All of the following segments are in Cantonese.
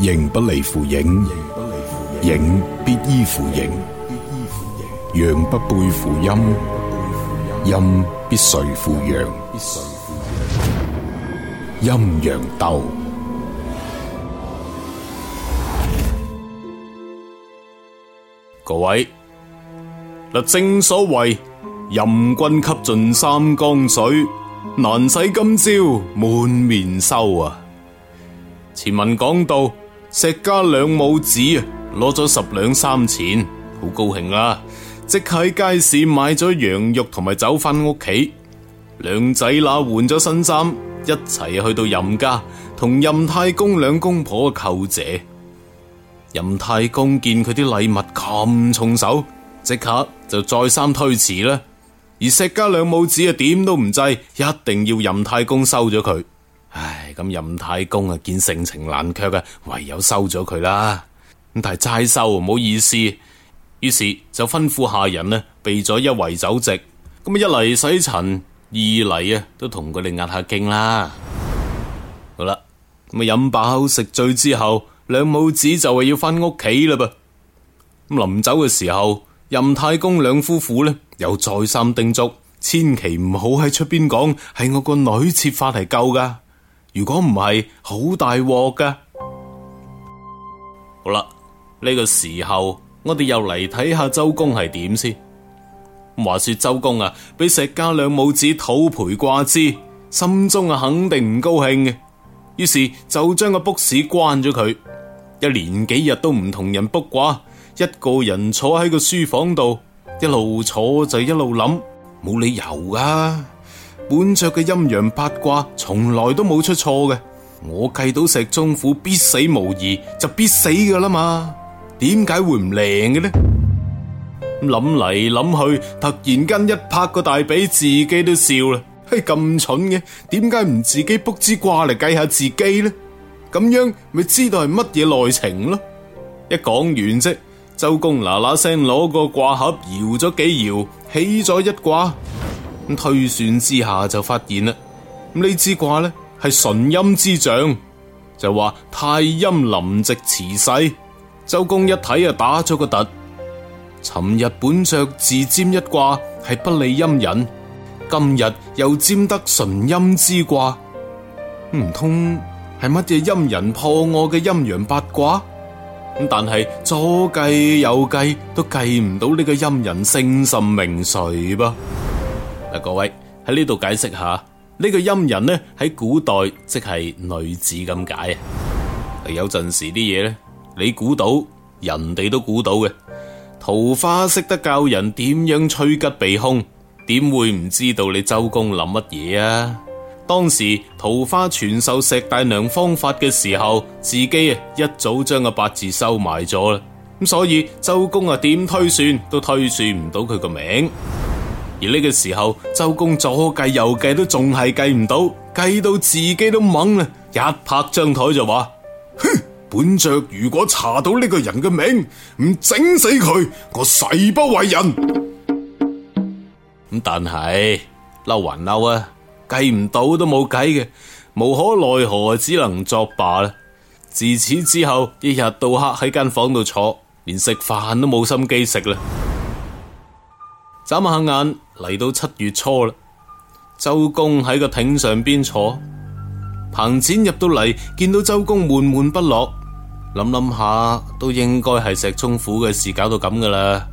形不離乎影，影必依乎形；陽不背乎陰，陰必隨乎陽。陰陽鬥，各位嗱，正所謂任君吸盡三江水，難洗今朝滿面羞啊！前文講到。石家兩母子攞咗十兩三錢，好高興啦！即喺街市買咗羊肉，同埋酒翻屋企。兩仔乸換咗新衫，一齊去到任家，同任太公兩公婆求謝。任太公見佢啲禮物咁重手，即刻就再三推辭啦。而石家兩母子啊，點都唔制，一定要任太公收咗佢。唉，咁任太公啊，見盛情難卻嘅，唯有收咗佢啦。咁但係齋收唔好意思，於是就吩咐下人呢備咗一圍酒席。咁一嚟洗塵，二嚟啊都同佢哋壓下驚啦。好啦，咁啊飲飽食醉之後，兩母子就係要翻屋企啦噃。咁臨走嘅時候，任太公兩夫婦呢又再三叮囑，千祈唔好喺出邊講係我個女設法嚟救噶。如果唔係，好大鑊噶。好啦，呢個時候我哋又嚟睇下周公係點先。話說周公啊，俾石家兩母子討培掛枝，心中啊肯定唔高興嘅，於是就將個卜士關咗佢，一連幾日都唔同人卜卦，一個人坐喺個書房度，一路坐就一路諗，冇理由噶、啊。本著嘅陰陽八卦從來都冇出錯嘅，我計到石中虎必死無疑，就必死噶啦嘛。點解會唔靈嘅呢？諗嚟諗去，突然間一拍個大髀，自己都笑啦！嘿，咁蠢嘅，點解唔自己卜支卦嚟計下自己呢？咁樣咪知道係乜嘢內情咯？一講完啫，周公嗱嗱聲攞個卦盒搖咗幾搖，起咗一卦。推算之下就發現啦，呢支卦呢係純陰之象，就話太陰臨夕辭世。周公一睇啊，打咗個突，尋日本着自占一卦係不利陰人，今日又占得純陰之卦，唔通係乜嘢陰人破我嘅陰陽八卦？咁但係左計右計都計唔到呢個陰人姓甚名誰噃。嗱，各位喺呢度解釋下呢個陰人呢，喺古代即係女子咁解啊！有陣時啲嘢呢，你估到，人哋都估到嘅。桃花識得教人點樣趨吉避凶，點會唔知道你周公諗乜嘢啊？當時桃花傳授石大娘方法嘅時候，自己啊一早將個八字收埋咗啦，咁所以周公啊點推算都推算唔到佢個名。而呢個時候，周公左計右計都仲係計唔到，計到自己都懵啦，一拍張台就話：哼，本爵如果查到呢個人嘅名，唔整死佢，我誓不為人。咁但係嬲還嬲啊，計唔到都冇計嘅，無可奈何，只能作罷啦。自此之後，一日到黑喺間房度坐，連食飯都冇心機食啦。眨下眼，嚟到七月初啦，周公喺個艇上邊坐，彭展入到嚟，見到周公悶悶不樂，諗諗下都應該係石忠富嘅事搞到咁噶啦，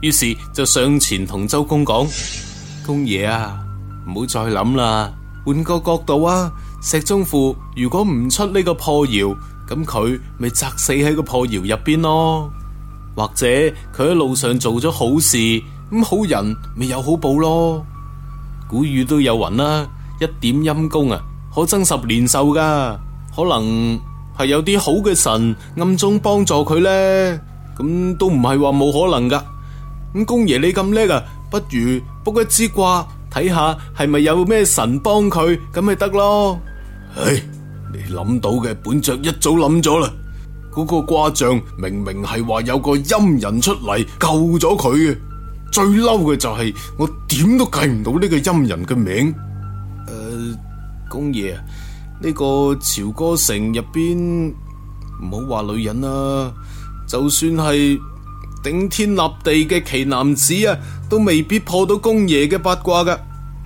於是就上前同周公講： 公爺啊，唔好再諗啦，換個角度啊，石忠富如果唔出呢個破窑，咁佢咪砸死喺個破窑入邊咯，或者佢喺路上做咗好事。咁好人咪有好報咯，古語都有云啦、啊，一點陰功啊，可增十年壽噶，可能係有啲好嘅神暗中幫助佢咧，咁都唔係話冇可能噶。咁公爺你咁叻啊，不如卜一支卦睇下係咪有咩神幫佢，咁咪得咯。唉，你諗到嘅本爵一早諗咗啦，嗰、那個卦象明明係話有個陰人出嚟救咗佢嘅。最嬲嘅就係、是、我點都計唔到呢個陰人嘅名。誒、呃，公爺，呢、這個朝歌城入邊，唔好話女人啦，就算係頂天立地嘅奇男子啊，都未必破到公爺嘅八卦㗎。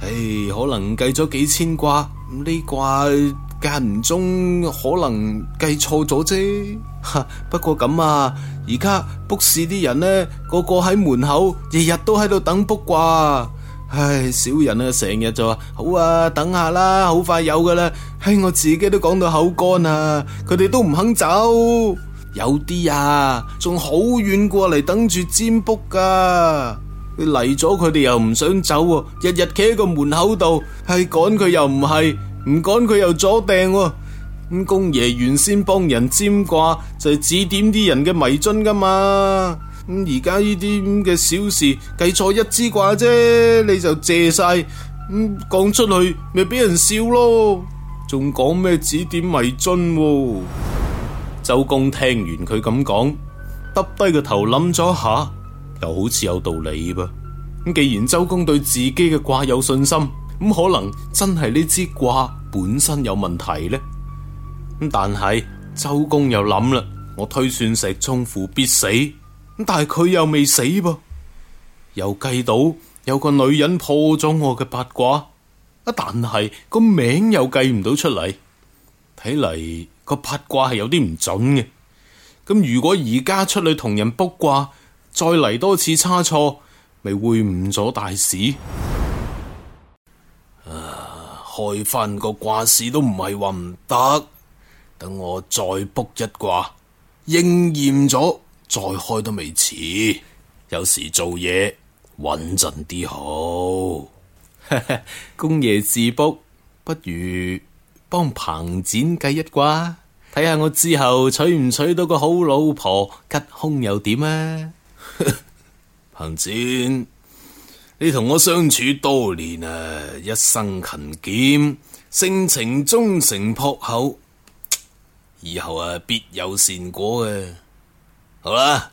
唉，可能計咗幾千卦，呢卦。間唔中可能計錯咗啫， 不過咁啊，而家卜士啲人呢，個個喺門口日日都喺度等卜啩。唉，小人啊，成日就話好啊，等下啦，好快有噶啦。唉，我自己都講到口乾啊，佢哋都唔肯走。有啲啊，仲好遠過嚟等住占卜噶。你嚟咗佢哋又唔想走，日日企喺個門口度，係趕佢又唔係。唔講佢又阻掟，啊，唔公爺原先幫人占卦就係、是、指點啲人嘅迷津噶嘛，咁而家呢啲咁嘅小事，計錯一支卦啫，你就借晒，咁、嗯、講出去咪俾人笑咯，仲講咩指點迷津啊？周公聽完佢咁講，耷低個頭諗咗下，又好似有道理噃，咁既然周公對自己嘅卦有信心，咁可能真係呢支卦本身有問題呢？咁但係周公又諗啦，我推算石中父必死，咁但係佢又未死噃，又計到有個女人破咗我嘅八卦，啊但係個名又計唔到出嚟，睇嚟個八卦係有啲唔準嘅，咁如果而家出去同人卜卦，再嚟多次差錯，咪會誤咗大事。開翻個卦事都唔係話唔得，等我再卜一卦應驗咗再開都未遲。有時做嘢穩陣啲好。 公爺自卜，不如幫彭展計一卦，睇下我之後娶唔娶到個好老婆，吉凶又點啊？ 彭展。你同我相處多年啊，一生勤儉，性情忠誠樸厚，以後啊，必有善果嘅。好啦，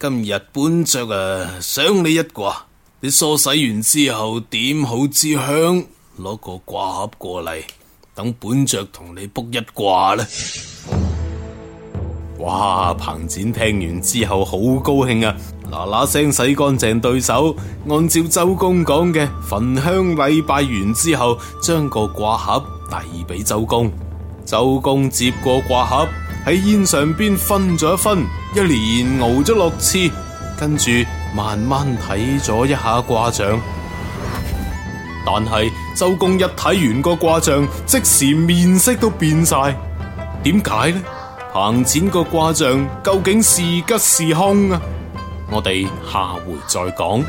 今日本爵啊，賞你一卦。你梳洗完之後，點好支香，攞個卦盒過嚟，等本爵同你卜一卦啦。哇！彭展聽完之後好高興啊，嗱嗱聲洗乾淨對手，按照周公講嘅焚香禮拜完之後，將個掛盒遞俾周公。周公接過掛盒，喺煙上邊分咗一分，一連熬咗六次，跟住慢慢睇咗一下卦象。但係周公一睇完個卦象，即時面色都變晒，點解呢？橫展個卦象究竟是吉是凶啊？我哋下回再講。